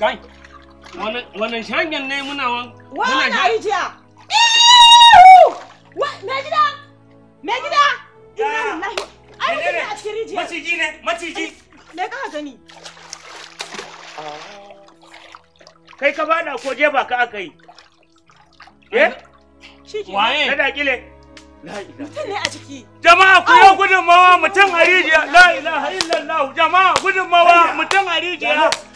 Kai, wannan shagen ne muna wan. Wannan rijiya. Me gida? Me gida? Ai mutum ne a cikin rijiya. Maciji ne, maciji. Me ka gani? Kai ka bada ko jefa ka aka yi. Eh? Waye? Na dakile. Mutum ne a ciki. Jama'a ku yi gudunmawa mutum a rijiya. La ilaha illallah. Jama'a gudunmawa mutum a rijiya.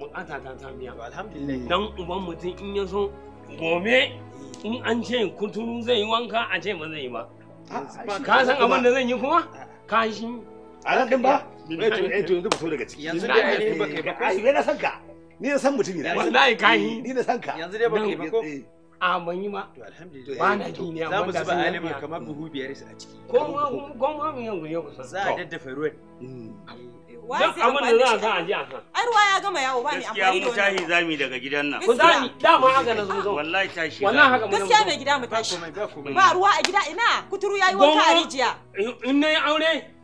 bukata ta dan uban mutum in ya so gobe in an ce kuturu zai yi wanka a ce ba zai yi ba ka san abin da zan yi kuma a nan ba eh, eh, yanzu fito daga ciki yanzu dai ba kai ba ai na san ka ni na san mutum ne wallahi ni na san ka yanzu dai ba kai ba ko eh. a ban yi ma ba na ji ne amma da sun kamar buhu biyar a ciki ko ma ko ma mu yan gure ku za a daddafa ruwan dan amma da za a san a ji a san ai ruwa ya gama yawo ba ni amfani da wannan gaskiya mu tashi zami daga gidan nan ku zami ma haka na zo wallahi tashi wannan haka mu gaskiya mai gida mu tashi ba ruwa a gida ina kuturu yayi wanka a rijiya in nayi aure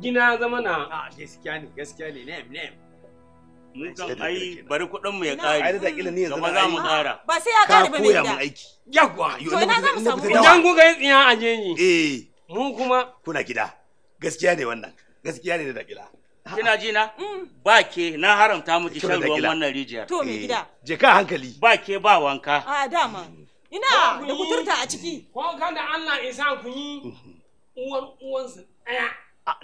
gina zama na a gaskiya ne gaskiya ne ne ne mu kan ai bari kuɗin mu ya ƙare ai da kila ni yanzu za mu ƙara ba sai ya ƙare ba ne da aiki yawa yo ina za mu samu idan kuka yi tsiya a jeji eh mu kuma kuna gida gaskiya ne wannan gaskiya ne da gida. kina ji na mm. ba ke na haramta miki shan ruwan wannan rijiyar to me eh. gida je ka hankali ba ke ba wanka a dama ina da kuturta a ciki ko kan da Allah isa ku yi mhm. uwan uwansa daya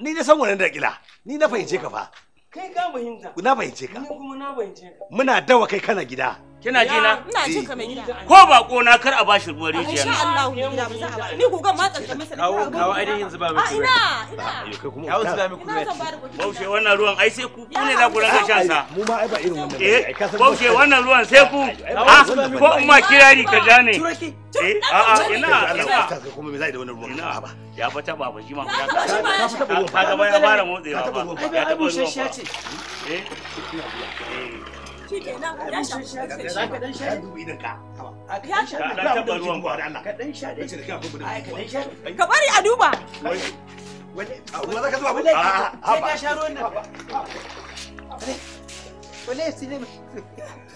ni na san wannan da gida ni na fahimce ka fa na fahimta. Na fahimce ka. Ni kuma na fahimce ka. Muna dawa kai kana gida. Kina ji na? Ina ji ka mai gida. Ko bako na kar a ba shi ruwan rijiya. Insha Allah ni ba za a ba. Ni ku ga matsa masa. Kawo kawo ai yanzu ba mai. Ina ina. kuma ya wuce kuma wannan ruwan ai sai ku ne za ku shan sa mu ma ai ba irin wannan eh wannan ruwan sai ku ah, ko in ma kirari ka gane a a ina ina kuma me zai da wannan ruwan ina ba ya fata ba ba shi ma ya ka ga ba ya fara motsewa ba shi eh. ya ce ka bari a duba wani ka a ba sai sai ne